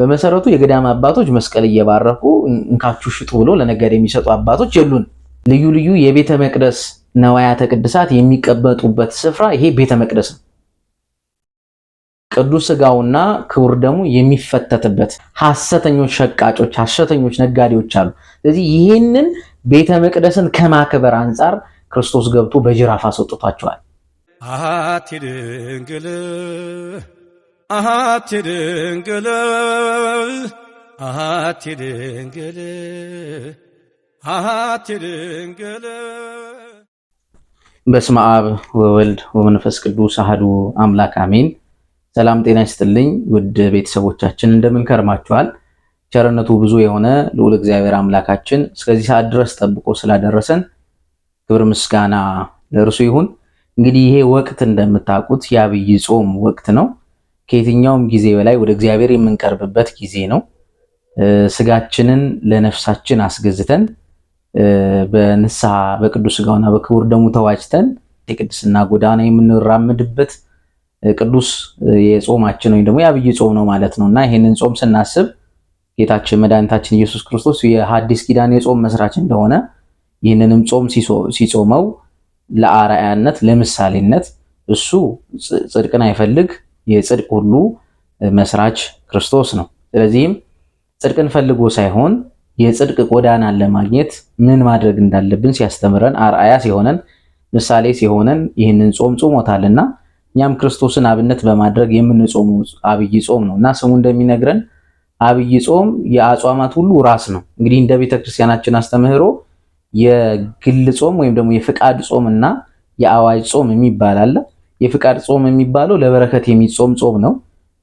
በመሰረቱ የገዳም አባቶች መስቀል እየባረኩ እንካችሁ ሽጡ ብሎ ለነገድ የሚሰጡ አባቶች የሉን። ልዩ ልዩ የቤተ መቅደስ ነዋያተ ቅድሳት የሚቀመጡበት ስፍራ ይሄ ቤተ መቅደስ ነው። ቅዱስ ስጋውና ክቡር ደሙ የሚፈተትበት ሐሰተኞች ሸቃጮች፣ ሐሰተኞች ነጋዴዎች አሉ። ስለዚህ ይህንን ቤተ መቅደስን ከማክበር አንጻር ክርስቶስ ገብቶ በጅራፍ አስወጥቷቸዋል። አሃቲ ድንግል አሃቲ ድንግል አሃቲ ድንግል። በስመ አብ ወወልድ ወመንፈስ ቅዱስ አህዱ አምላክ አሜን። ሰላም ጤና ይስጥልኝ ውድ ቤተሰቦቻችን እንደምን ከርማችኋል? ቸርነቱ ብዙ የሆነ ልዑል እግዚአብሔር አምላካችን እስከዚህ ሰዓት ድረስ ጠብቆ ስላደረሰን ክብር ምስጋና ለእርሱ ይሁን። እንግዲህ ይሄ ወቅት እንደምታውቁት የአብይ ጾም ወቅት ነው። ከየትኛውም ጊዜ በላይ ወደ እግዚአብሔር የምንቀርብበት ጊዜ ነው። ስጋችንን ለነፍሳችን አስገዝተን በንስሐ በቅዱስ ስጋውና በክቡር ደሙ ተዋጅተን የቅድስና ጎዳና የምንራምድበት ቅዱስ የጾማችን ወይም ደግሞ የአብይ ጾም ነው ማለት ነው እና ይህንን ጾም ስናስብ ጌታችን መድኃኒታችን ኢየሱስ ክርስቶስ የሐዲስ ኪዳን የጾም መስራች እንደሆነ ይህንንም ጾም ሲጾመው ለአርአያነት ለምሳሌነት እሱ ጽድቅን አይፈልግ የጽድቅ ሁሉ መስራች ክርስቶስ ነው። ስለዚህም ጽድቅን ፈልጎ ሳይሆን የጽድቅ ጎዳናን ለማግኘት ምን ማድረግ እንዳለብን ሲያስተምረን አርአያ ሲሆነን ምሳሌ ሲሆነን ይህንን ጾም ጾሞታልና እኛም ክርስቶስን አብነት በማድረግ የምንጾመው አብይ ጾም ነው እና ስሙ እንደሚነግረን አብይ ጾም የአጽዋማት ሁሉ ራስ ነው። እንግዲህ እንደ ቤተ ክርስቲያናችን አስተምህሮ የግል ጾም ወይም ደግሞ የፍቃድ ጾም እና የአዋጅ ጾም የሚባል አለ። የፍቃድ ጾም የሚባለው ለበረከት የሚጾም ጾም ነው።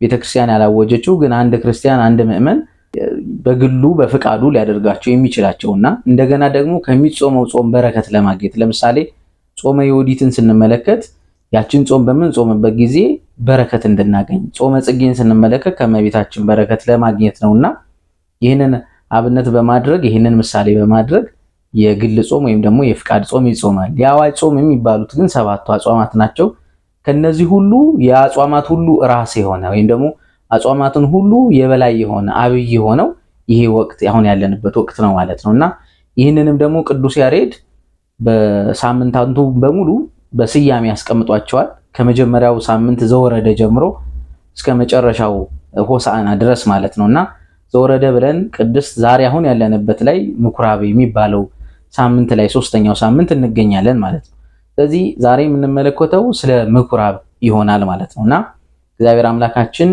ቤተክርስቲያን ያላወጀችው ግን አንድ ክርስቲያን አንድ ምዕመን በግሉ በፍቃዱ ሊያደርጋቸው የሚችላቸው እና እንደገና ደግሞ ከሚጾመው ጾም በረከት ለማግኘት ለምሳሌ ጾመ የወዲትን ስንመለከት ያችን ጾም በምንጾምበት ጊዜ በረከት እንድናገኝ፣ ጾመ ጽጌን ስንመለከት ከመቤታችን በረከት ለማግኘት ነው እና ይህንን አብነት በማድረግ ይህንን ምሳሌ በማድረግ የግል ጾም ወይም ደግሞ የፍቃድ ጾም ይጾማል። የአዋጅ ጾም የሚባሉት ግን ሰባቱ አጽዋማት ናቸው። ከነዚህ ሁሉ የአጽዋማት ሁሉ ራስ የሆነ ወይም ደግሞ አጽዋማትን ሁሉ የበላይ የሆነ አብይ የሆነው ይሄ ወቅት አሁን ያለንበት ወቅት ነው ማለት ነው እና ይህንንም ደግሞ ቅዱስ ያሬድ በሳምንታቱ በሙሉ በስያሜ ያስቀምጧቸዋል። ከመጀመሪያው ሳምንት ዘወረደ ጀምሮ እስከ መጨረሻው ሆሳዕና ድረስ ማለት ነው እና ዘወረደ ብለን ቅድስት ዛሬ አሁን ያለንበት ላይ ምኩራብ የሚባለው ሳምንት ላይ ሶስተኛው ሳምንት እንገኛለን ማለት ነው። ስለዚህ ዛሬ የምንመለከተው ስለ ምኩራብ ይሆናል ማለት ነው እና እግዚአብሔር አምላካችን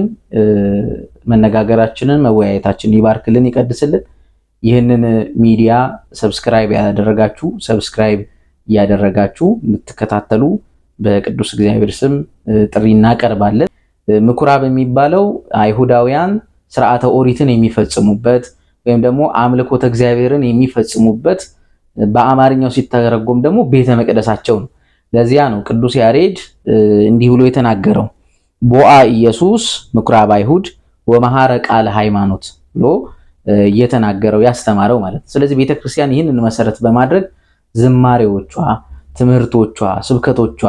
መነጋገራችንን መወያየታችንን ይባርክልን፣ ይቀድስልን። ይህንን ሚዲያ ሰብስክራይብ ያደረጋችሁ ሰብስክራይብ እያደረጋችሁ እንድትከታተሉ በቅዱስ እግዚአብሔር ስም ጥሪ እናቀርባለን። ምኩራብ የሚባለው አይሁዳውያን ስርዓተ ኦሪትን የሚፈጽሙበት ወይም ደግሞ አምልኮተ እግዚአብሔርን የሚፈጽሙበት በአማርኛው ሲተረጎም ደግሞ ቤተ መቅደሳቸው ነው። ለዚያ ነው ቅዱስ ያሬድ እንዲህ ብሎ የተናገረው ቦአ ኢየሱስ ምኩራብ አይሁድ ወመሐረ ቃለ ሃይማኖት ብሎ እየተናገረው ያስተማረው ማለት ነው። ስለዚህ ቤተክርስቲያን ይህንን መሰረት በማድረግ ዝማሬዎቿ፣ ትምህርቶቿ፣ ስብከቶቿ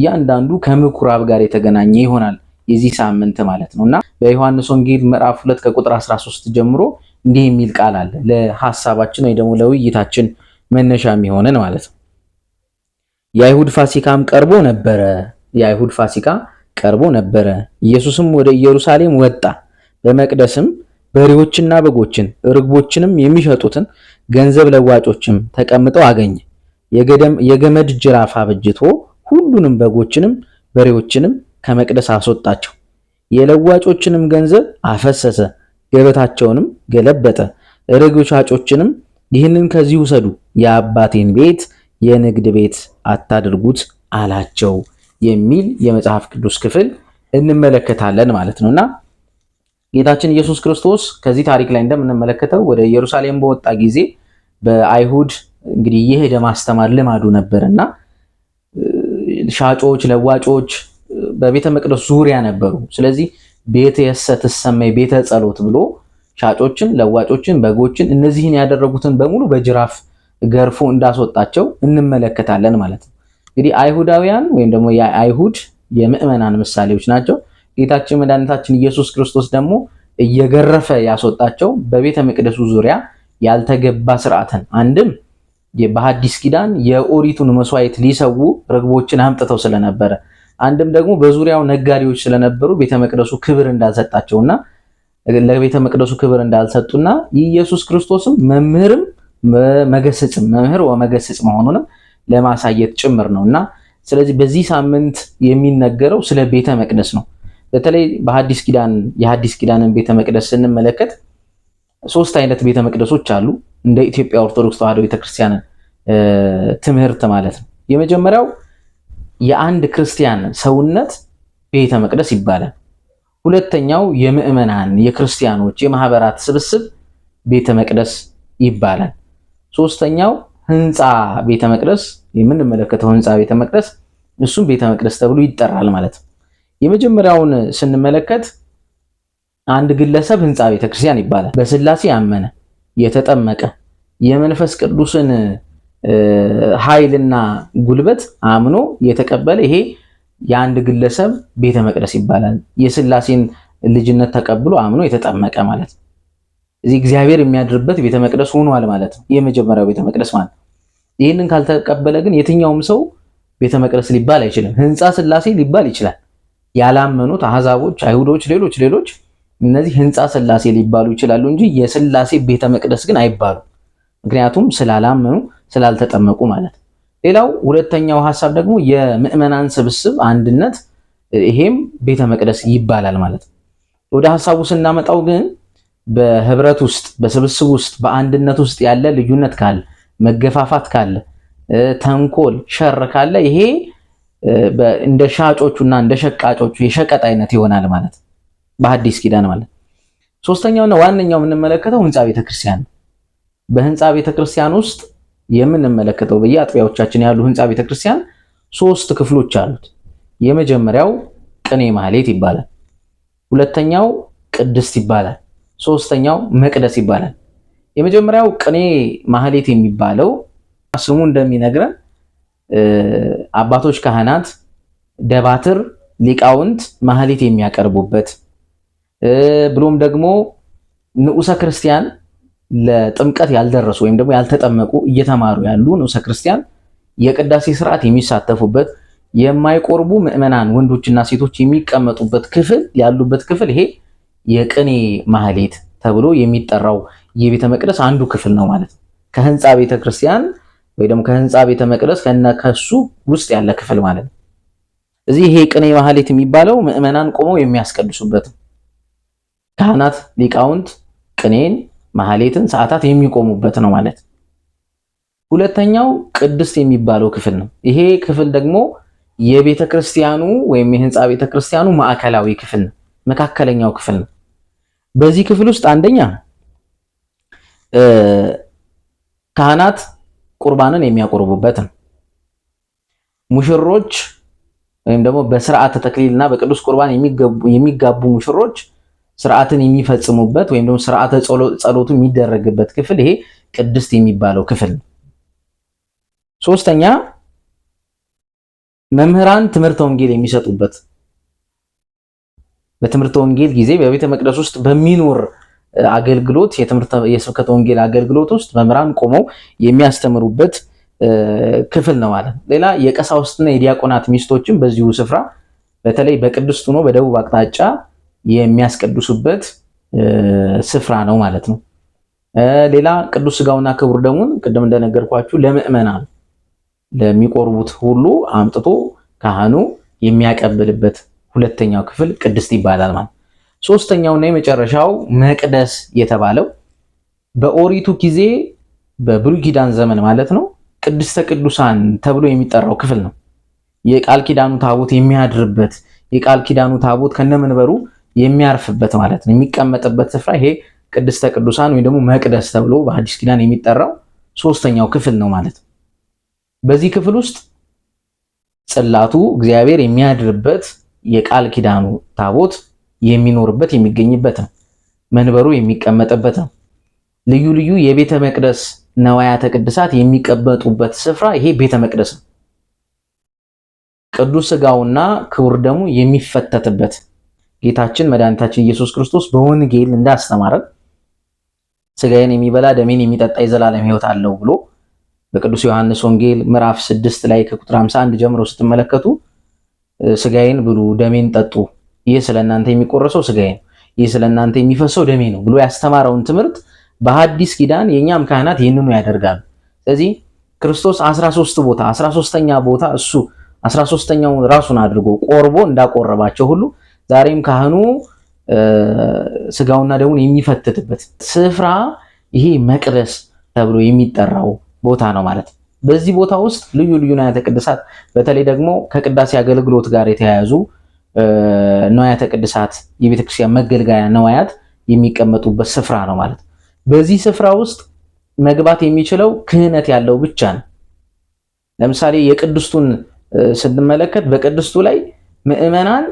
እያንዳንዱ ከምኩራብ ጋር የተገናኘ ይሆናል የዚህ ሳምንት ማለት ነው እና በዮሐንስ ወንጌል ምዕራፍ ሁለት ከቁጥር 13 ጀምሮ እንዲህ የሚል ቃል አለ ለሀሳባችን ወይ ደግሞ ለውይይታችን መነሻ የሚሆንን ማለት ነው። የአይሁድ ፋሲካም ቀርቦ ነበረ። የአይሁድ ፋሲካ ቀርቦ ነበረ። ኢየሱስም ወደ ኢየሩሳሌም ወጣ። በመቅደስም በሬዎችና በጎችን ርግቦችንም የሚሸጡትን ገንዘብ ለዋጮችም ተቀምጠው አገኘ። የገመድ ጅራፍ አበጅቶ ሁሉንም በጎችንም በሬዎችንም ከመቅደስ አስወጣቸው። የለዋጮችንም ገንዘብ አፈሰሰ፣ ገበታቸውንም ገለበጠ። ርግብ ሻጮችንም ይህንን ከዚህ ውሰዱ የአባቴን ቤት የንግድ ቤት አታድርጉት አላቸው የሚል የመጽሐፍ ቅዱስ ክፍል እንመለከታለን ማለት ነውና ጌታችን ኢየሱስ ክርስቶስ ከዚህ ታሪክ ላይ እንደምንመለከተው ወደ ኢየሩሳሌም በወጣ ጊዜ በአይሁድ እንግዲህ የሄደ ማስተማር ልማዱ ነበር እና ሻጮች፣ ለዋጮች በቤተ መቅደስ ዙሪያ ነበሩ። ስለዚህ ቤተ የሰ ትሰመይ ቤተ ጸሎት ብሎ ሻጮችን፣ ለዋጮችን፣ በጎችን እነዚህን ያደረጉትን በሙሉ በጅራፍ ገርፎ እንዳስወጣቸው እንመለከታለን ማለት ነው። እንግዲህ አይሁዳውያን ወይም ደግሞ የአይሁድ የምዕመናን ምሳሌዎች ናቸው። ጌታችን መድኃኒታችን ኢየሱስ ክርስቶስ ደግሞ እየገረፈ ያስወጣቸው በቤተ መቅደሱ ዙሪያ ያልተገባ ስርዓትን አንድም በሐዲስ ኪዳን የኦሪቱን መስዋዕት ሊሰዉ ርግቦችን አምጥተው ስለነበረ አንድም ደግሞ በዙሪያው ነጋዴዎች ስለነበሩ ቤተ መቅደሱ ክብር እንዳልሰጣቸውና ለቤተ መቅደሱ ክብር እንዳልሰጡና ኢየሱስ ክርስቶስም መምህርም መገሰጽ መምህር ወመገሰጽ መሆኑንም ለማሳየት ጭምር ነው እና ስለዚህ በዚህ ሳምንት የሚነገረው ስለ ቤተ መቅደስ ነው። በተለይ በሐዲስ ኪዳን የሐዲስ ኪዳንን ቤተ መቅደስ ስንመለከት ሶስት አይነት ቤተ መቅደሶች አሉ እንደ ኢትዮጵያ ኦርቶዶክስ ተዋሕዶ ቤተክርስቲያን ትምህርት ማለት ነው። የመጀመሪያው የአንድ ክርስቲያን ሰውነት ቤተ መቅደስ ይባላል። ሁለተኛው የምዕመናን የክርስቲያኖች የማህበራት ስብስብ ቤተ መቅደስ ይባላል። ሶስተኛው ህንፃ ቤተ መቅደስ የምንመለከተው ህንፃ ቤተ መቅደስ እሱም ቤተ መቅደስ ተብሎ ይጠራል ማለት ነው። የመጀመሪያውን ስንመለከት አንድ ግለሰብ ህንፃ ቤተ ክርስቲያን ይባላል። በስላሴ ያመነ የተጠመቀ የመንፈስ ቅዱስን ኃይልና ጉልበት አምኖ የተቀበለ ይሄ የአንድ ግለሰብ ቤተ መቅደስ ይባላል። የስላሴን ልጅነት ተቀብሎ አምኖ የተጠመቀ ማለት ነው። እዚህ እግዚአብሔር የሚያድርበት ቤተ መቅደስ ሆኗል ማለት ነው። የመጀመሪያው ቤተ መቅደስ ማለት ይህንን ካልተቀበለ ግን የትኛውም ሰው ቤተ መቅደስ ሊባል አይችልም። ህንፃ ስላሴ ሊባል ይችላል። ያላመኑት አህዛቦች፣ አይሁዶች፣ ሌሎች ሌሎች እነዚህ ህንፃ ስላሴ ሊባሉ ይችላሉ እንጂ የስላሴ ቤተ መቅደስ ግን አይባሉ። ምክንያቱም ስላላመኑ ስላልተጠመቁ ማለት ነው። ሌላው ሁለተኛው ሀሳብ ደግሞ የምዕመናን ስብስብ አንድነት፣ ይሄም ቤተ መቅደስ ይባላል ማለት ነው። ወደ ሀሳቡ ስናመጣው ግን በህብረት ውስጥ በስብስብ ውስጥ በአንድነት ውስጥ ያለ ልዩነት ካለ መገፋፋት ካለ ተንኮል ሸር ካለ ይሄ እንደ ሻጮቹና እንደ ሸቃጮቹ የሸቀጥ አይነት ይሆናል ማለት በሐዲስ ኪዳን ማለት። ሶስተኛውና ዋነኛው የምንመለከተው ህንፃ ቤተክርስቲያን ነው። በህንፃ ቤተክርስቲያን ውስጥ የምንመለከተው በየአጥቢያዎቻችን ያሉ ህንፃ ቤተክርስቲያን ሶስት ክፍሎች አሉት። የመጀመሪያው ቅኔ ማህሌት ይባላል። ሁለተኛው ቅድስት ይባላል። ሶስተኛው መቅደስ ይባላል። የመጀመሪያው ቅኔ ማህሌት የሚባለው ስሙ እንደሚነግረን አባቶች ካህናት፣ ደባትር ሊቃውንት ማህሌት የሚያቀርቡበት ብሎም ደግሞ ንዑሰ ክርስቲያን ለጥምቀት ያልደረሱ ወይም ደግሞ ያልተጠመቁ እየተማሩ ያሉ ንዑሰ ክርስቲያን የቅዳሴ ስርዓት የሚሳተፉበት የማይቆርቡ ምዕመናን ወንዶችና ሴቶች የሚቀመጡበት ክፍል ያሉበት ክፍል ይሄ የቅኔ ማህሌት ተብሎ የሚጠራው የቤተ መቅደስ አንዱ ክፍል ነው ማለት ነው። ከህንፃ ቤተ ክርስቲያን ወይ ደግሞ ከህንፃ ቤተ መቅደስ ከሱ ውስጥ ያለ ክፍል ማለት ነው። እዚህ ይሄ ቅኔ ማህሌት የሚባለው ምዕመናን ቆመው የሚያስቀድሱበት ካህናት፣ ሊቃውንት ቅኔን፣ ማህሌትን፣ ሰዓታት የሚቆሙበት ነው ማለት ሁለተኛው ቅድስት የሚባለው ክፍል ነው። ይሄ ክፍል ደግሞ የቤተ ክርስቲያኑ ወይም የህንፃ ቤተ ክርስቲያኑ ማዕከላዊ ክፍል ነው። መካከለኛው ክፍል ነው። በዚህ ክፍል ውስጥ አንደኛ ካህናት ቁርባንን የሚያቆርቡበት ነው። ሙሽሮች ወይም ደግሞ በስርዓተ ተክሊልና በቅዱስ ቁርባን የሚጋቡ ሙሽሮች ስርዓትን የሚፈጽሙበት ወይም ደግሞ ስርዓተ ጸሎቱ የሚደረግበት ክፍል ይሄ ቅድስት የሚባለው ክፍል ነው። ሶስተኛ መምህራን ትምህርተ ወንጌል የሚሰጡበት በትምህርተ ወንጌል ጊዜ በቤተ መቅደስ ውስጥ በሚኖር አገልግሎት የስብከተ ወንጌል አገልግሎት ውስጥ መምህራን ቆመው የሚያስተምሩበት ክፍል ነው ማለት ነው። ሌላ የቀሳውስትና የዲያቆናት ሚስቶችም በዚሁ ስፍራ በተለይ በቅድስት ሆኖ በደቡብ አቅጣጫ የሚያስቀድሱበት ስፍራ ነው ማለት ነው። ሌላ ቅዱስ ስጋውና ክቡር ደሙን ቅድም እንደነገርኳችሁ ለምዕመናን ለሚቆርቡት ሁሉ አምጥቶ ካህኑ የሚያቀብልበት ሁለተኛው ክፍል ቅድስት ይባላል ማለት። ሶስተኛውና የመጨረሻው መቅደስ የተባለው በኦሪቱ ጊዜ በብሉይ ኪዳን ዘመን ማለት ነው ቅድስተ ቅዱሳን ተብሎ የሚጠራው ክፍል ነው። የቃል ኪዳኑ ታቦት የሚያድርበት የቃል ኪዳኑ ታቦት ከነመንበሩ የሚያርፍበት ማለት ነው የሚቀመጥበት ስፍራ ይሄ ቅድስተ ቅዱሳን ወይም ደግሞ መቅደስ ተብሎ በሐዲስ ኪዳን የሚጠራው ሶስተኛው ክፍል ነው ማለት ነው። በዚህ ክፍል ውስጥ ጽላቱ እግዚአብሔር የሚያድርበት የቃል ኪዳኑ ታቦት የሚኖርበት የሚገኝበት ነው። መንበሩ የሚቀመጥበት ነው። ልዩ ልዩ የቤተ መቅደስ ነዋያተ ቅድሳት የሚቀመጡበት ስፍራ ይሄ ቤተ መቅደስ ነው። ቅዱስ ስጋውና ክቡር ደሙ የሚፈተትበት ጌታችን መድኃኒታችን ኢየሱስ ክርስቶስ በወንጌል እንዳስተማረን ስጋዬን የሚበላ ደሜን የሚጠጣ የዘላለም ሕይወት አለው ብሎ በቅዱስ ዮሐንስ ወንጌል ምዕራፍ 6 ላይ ከቁጥር 51 ጀምሮ ስትመለከቱ ስጋዬን ብሉ፣ ደሜን ጠጡ፣ ይህ ስለ እናንተ የሚቆረሰው ስጋዬ ነው፣ ይህ ስለ እናንተ የሚፈሰው ደሜ ነው ብሎ ያስተማረውን ትምህርት በሐዲስ ኪዳን የእኛም ካህናት ይህንኑ ያደርጋሉ። ስለዚህ ክርስቶስ 13 ቦታ 13ኛ ቦታ እሱ 13ኛው ራሱን አድርጎ ቆርቦ እንዳቆረባቸው ሁሉ ዛሬም ካህኑ ስጋውና ደሙን የሚፈትትበት ስፍራ ይሄ መቅደስ ተብሎ የሚጠራው ቦታ ነው ማለት ነው። በዚህ ቦታ ውስጥ ልዩ ልዩ ንዋያተ ቅድሳት በተለይ ደግሞ ከቅዳሴ አገልግሎት ጋር የተያያዙ ንዋያተ ቅድሳት የቤተክርስቲያን መገልገያ ንዋያት የሚቀመጡበት ስፍራ ነው ማለት በዚህ ስፍራ ውስጥ መግባት የሚችለው ክህነት ያለው ብቻ ነው። ለምሳሌ የቅድስቱን ስንመለከት በቅድስቱ ላይ ምዕመናን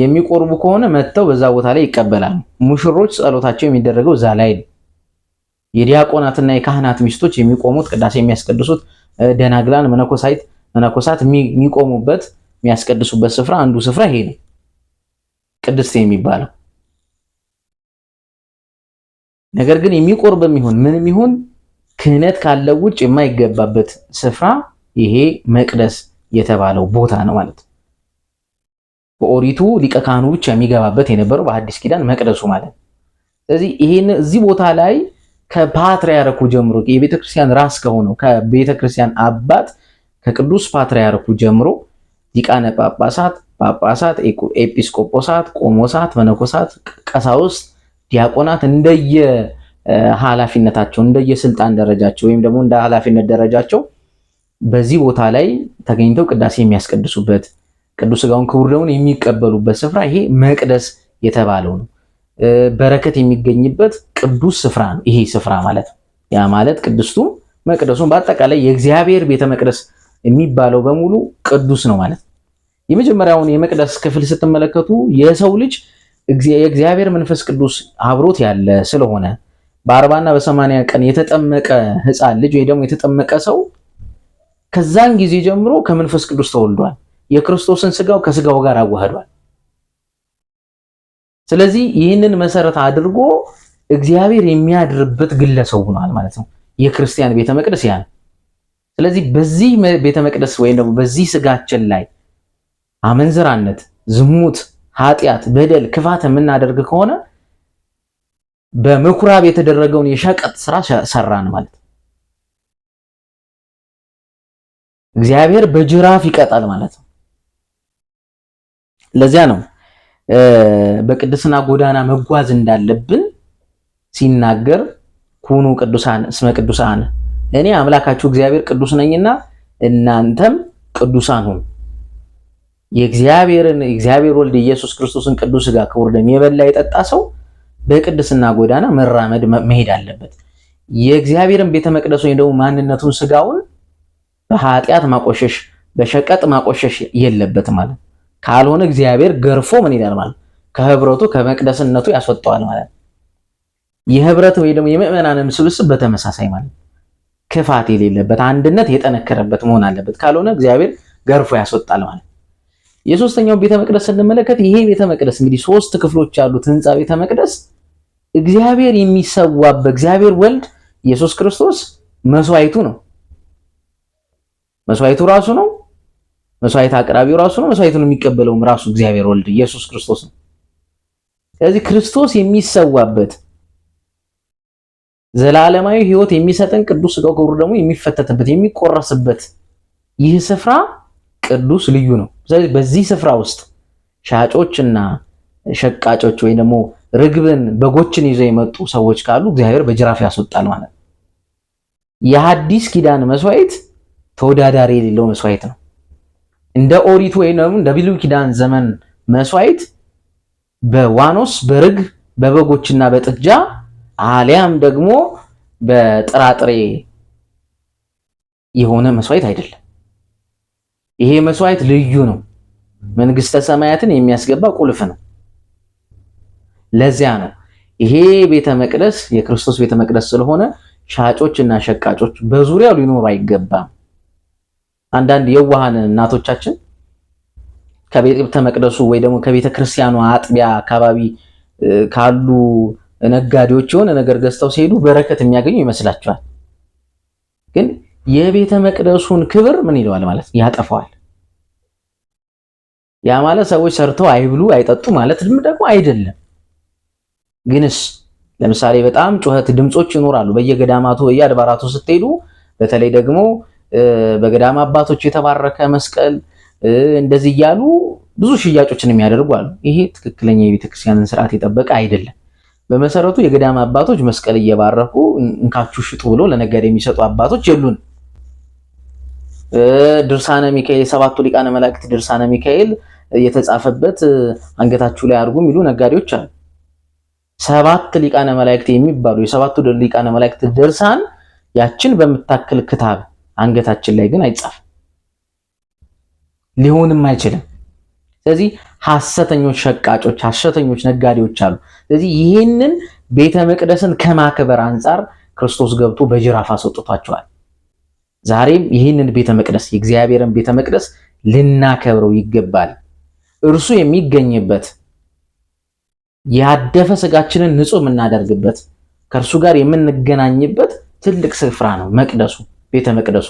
የሚቆርቡ ከሆነ መጥተው በዛ ቦታ ላይ ይቀበላሉ። ሙሽሮች ጸሎታቸው የሚደረገው እዛ ላይ ነው። የዲያቆናትና የካህናት ሚስቶች የሚቆሙት ቅዳሴ የሚያስቀድሱት ደናግላን መነኮሳይት መነኮሳት የሚቆሙበት የሚያስቀድሱበት ስፍራ አንዱ ስፍራ ይሄ ነው፣ ቅድስት የሚባለው ነገር ግን የሚቆርብም ይሁን ምንም ይሁን ክህነት ካለው ውጭ የማይገባበት ስፍራ ይሄ መቅደስ የተባለው ቦታ ነው ማለት ነው። በኦሪቱ ሊቀ ካህኑ ብቻ የሚገባበት የነበረው በአዲስ ኪዳን መቅደሱ ማለት ነው። ስለዚህ ይሄን እዚህ ቦታ ላይ ከፓትርያርኩ ጀምሮ የቤተ ክርስቲያን ራስ ከሆነው ከቤተ ክርስቲያን አባት ከቅዱስ ፓትርያርኩ ጀምሮ ዲቃነ ጳጳሳት፣ ጳጳሳት፣ ኤጲስቆጶሳት፣ ቆሞሳት፣ መነኮሳት፣ ቀሳውስት፣ ዲያቆናት እንደየ ኃላፊነታቸው እንደየስልጣን ደረጃቸው ወይም ደግሞ እንደ ኃላፊነት ደረጃቸው በዚህ ቦታ ላይ ተገኝተው ቅዳሴ የሚያስቀድሱበት ቅዱስ ሥጋውን ክቡር ደሙን የሚቀበሉበት ስፍራ ይሄ መቅደስ የተባለው ነው። በረከት የሚገኝበት ቅዱስ ስፍራ ነው ይሄ ስፍራ ማለት ነው። ያ ማለት ቅድስቱ መቅደሱን በአጠቃላይ የእግዚአብሔር ቤተ መቅደስ የሚባለው በሙሉ ቅዱስ ነው ማለት ነው። የመጀመሪያውን የመቅደስ ክፍል ስትመለከቱ የሰው ልጅ የእግዚአብሔር መንፈስ ቅዱስ አብሮት ያለ ስለሆነ በአርባና በሰማንያ ቀን የተጠመቀ ህፃን ልጅ ወይ ደግሞ የተጠመቀ ሰው ከዛን ጊዜ ጀምሮ ከመንፈስ ቅዱስ ተወልዷል። የክርስቶስን ስጋው ከስጋው ጋር አዋህዷል። ስለዚህ ይህንን መሰረት አድርጎ እግዚአብሔር የሚያድርበት ግለሰብ ሆኗል ማለት ነው። የክርስቲያን ቤተ መቅደስ ያን። ስለዚህ በዚህ ቤተ መቅደስ ወይም ደግሞ በዚህ ስጋችን ላይ አመንዝራነት፣ ዝሙት፣ ኃጢአት፣ በደል፣ ክፋት የምናደርግ ከሆነ በምኩራብ የተደረገውን የሸቀጥ ስራ ሰራን ማለት እግዚአብሔር በጅራፍ ይቀጣል ማለት ነው። ለዚያ ነው በቅድስና ጎዳና መጓዝ እንዳለብን ሲናገር ኩኑ ቅዱሳን እስመ ቅዱሳን እኔ አምላካችሁ እግዚአብሔር ቅዱስ ነኝና እናንተም ቅዱሳን ሁኑ። የእግዚአብሔርን እግዚአብሔር ወልድ ኢየሱስ ክርስቶስን ቅዱስ ሥጋ ክቡር ደም የበላ የጠጣ ሰው በቅድስና ጎዳና መራመድ መሄድ አለበት። የእግዚአብሔርን ቤተ መቅደስ ወይም ደግሞ ማንነቱን ሥጋውን በኃጢአት ማቆሸሽ፣ በሸቀጥ ማቆሸሽ የለበት ማለት ካልሆነ እግዚአብሔር ገርፎ ምን ይላል ማለት ከህብረቱ ከመቅደስነቱ ያስወጣዋል ማለት የህብረት ወይ ደግሞ የምዕመናንም ስብስብ በተመሳሳይ ማለት ክፋት የሌለበት አንድነት የጠነከረበት መሆን አለበት። ካልሆነ እግዚአብሔር ገርፎ ያስወጣል ማለት የሶስተኛው ቤተ መቅደስ ስንመለከት ይሄ ቤተ መቅደስ እንግዲህ ሶስት ክፍሎች ያሉት ህንፃ ቤተ መቅደስ እግዚአብሔር የሚሰዋበት እግዚአብሔር ወልድ ኢየሱስ ክርስቶስ መስዋዕቱ ነው። መስዋዕቱ ራሱ ነው። መስዋዕት አቅራቢው ራሱ ነው። መስዋዕቱን የሚቀበለውም ራሱ እግዚአብሔር ወልድ ኢየሱስ ክርስቶስ ነው። ስለዚህ ክርስቶስ የሚሰዋበት ዘላለማዊ ሕይወት የሚሰጠን ቅዱስ ሥጋው ክቡር ደግሞ የሚፈተትበት የሚቆረስበት ይህ ስፍራ ቅዱስ ልዩ ነው። ስለዚህ በዚህ ስፍራ ውስጥ ሻጮችና ሸቃጮች ወይ ደግሞ ርግብን በጎችን ይዘው የመጡ ሰዎች ካሉ እግዚአብሔር በጅራፍ ያስወጣል ማለት ነው። የሐዲስ ኪዳን መስዋዕት ተወዳዳሪ የሌለው መስዋዕት ነው። እንደ ኦሪት ወይ ነው እንደ ብሉይ ኪዳን ዘመን መስዋዕት በዋኖስ በርግ በበጎችና በጥጃ አሊያም ደግሞ በጥራጥሬ የሆነ መስዋዕት አይደለም። ይሄ መስዋዕት ልዩ ነው። መንግስተ ሰማያትን የሚያስገባ ቁልፍ ነው። ለዚያ ነው ይሄ ቤተ መቅደስ የክርስቶስ ቤተ መቅደስ ስለሆነ ሻጮች እና ሸቃጮች በዙሪያው ሊኖር አይገባም። አንዳንድ የዋሃን እናቶቻችን ከቤተ መቅደሱ ወይ ደግሞ ከቤተ ክርስቲያኑ አጥቢያ አካባቢ ካሉ ነጋዴዎች የሆነ ነገር ገዝተው ሲሄዱ በረከት የሚያገኙ ይመስላቸዋል። ግን የቤተ መቅደሱን ክብር ምን ይለዋል ማለት ያጠፋዋል። ያ ማለት ሰዎች ሰርተው አይብሉ አይጠጡ ማለት ደግሞ አይደለም። ግንስ ለምሳሌ በጣም ጩኸት ድምፆች ይኖራሉ። በየገዳማቱ በየአድባራቱ ስትሄዱ በተለይ ደግሞ በገዳም አባቶች የተባረከ መስቀል እንደዚህ እያሉ ብዙ ሽያጮችን የሚያደርጉ አሉ። ይሄ ትክክለኛ የቤተክርስቲያንን ስርዓት የጠበቀ አይደለም። በመሰረቱ የገዳም አባቶች መስቀል እየባረኩ እንካችሁ ሽጡ ብሎ ለነጋዴ የሚሰጡ አባቶች የሉን። ድርሳነ ሚካኤል ሰባቱ ሊቃነ መላእክት ድርሳነ ሚካኤል የተጻፈበት አንገታችሁ ላይ አድርጉ የሚሉ ነጋዴዎች አሉ። ሰባት ሊቃነ መላእክት የሚባሉ የሰባቱ ሊቃነ መላእክት ድርሳን ያችን በምታክል ክታብ አንገታችን ላይ ግን አይጻፍም፣ ሊሆንም አይችልም። ስለዚህ ሐሰተኞች ሸቃጮች፣ ሐሰተኞች ነጋዴዎች አሉ። ስለዚህ ይህንን ቤተ መቅደስን ከማክበር አንጻር ክርስቶስ ገብቶ በጅራፍ አስወጥቷቸዋል። ዛሬም ይህንን ቤተ መቅደስ የእግዚአብሔርን ቤተ መቅደስ ልናከብረው ይገባል። እርሱ የሚገኝበት ያደፈ ስጋችንን ንጹህ የምናደርግበት ከእርሱ ጋር የምንገናኝበት ትልቅ ስፍራ ነው መቅደሱ። ቤተ መቅደሱ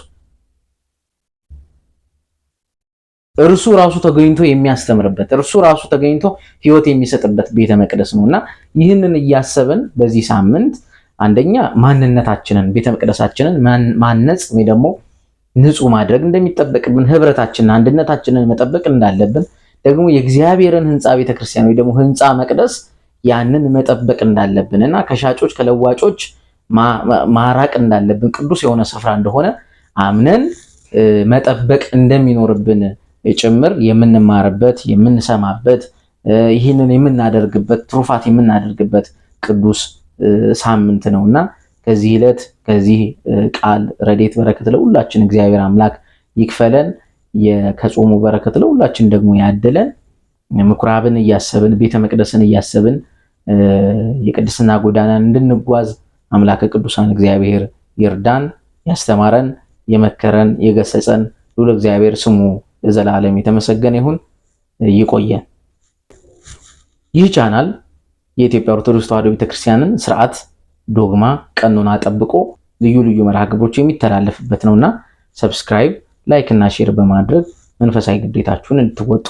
እርሱ ራሱ ተገኝቶ የሚያስተምርበት እርሱ ራሱ ተገኝቶ ህይወት የሚሰጥበት ቤተ መቅደስ ነውና ይህንን እያሰብን በዚህ ሳምንት አንደኛ ማንነታችንን ቤተ መቅደሳችንን ማነጽ ወይ ደግሞ ንጹህ ማድረግ እንደሚጠበቅብን ህብረታችንን፣ አንድነታችንን መጠበቅ እንዳለብን ደግሞ የእግዚአብሔርን ህንፃ ቤተክርስቲያን ወይ ደግሞ ህንፃ መቅደስ ያንን መጠበቅ እንዳለብን እና ከሻጮች ከለዋጮች ማራቅ እንዳለብን ቅዱስ የሆነ ስፍራ እንደሆነ አምነን መጠበቅ እንደሚኖርብን ጭምር የምንማርበት የምንሰማበት ይህንን የምናደርግበት ትሩፋት የምናደርግበት ቅዱስ ሳምንት ነው እና ከዚህ ዕለት ከዚህ ቃል ረዴት በረከት ለሁላችን እግዚአብሔር አምላክ ይክፈለን። ከጾሙ በረከት ለሁላችን ደግሞ ያደለን። ምኩራብን እያሰብን ቤተ መቅደስን እያሰብን የቅድስና ጎዳናን እንድንጓዝ አምላከ ቅዱሳን እግዚአብሔር ይርዳን፣ ያስተማረን፣ የመከረን፣ የገሰጸን ሉል እግዚአብሔር ስሙ ለዘላለም የተመሰገነ ይሁን። ይቆየን። ይህ ቻናል የኢትዮጵያ ኦርቶዶክስ ተዋሕዶ ቤተክርስቲያንን ስርዓት፣ ዶግማ፣ ቀኖና ጠብቆ ልዩ ልዩ መርሃ ግብሮች የሚተላለፍበት ነውና ሰብስክራይብ፣ ላይክ እና ሼር በማድረግ መንፈሳዊ ግዴታችሁን እንድትወጡ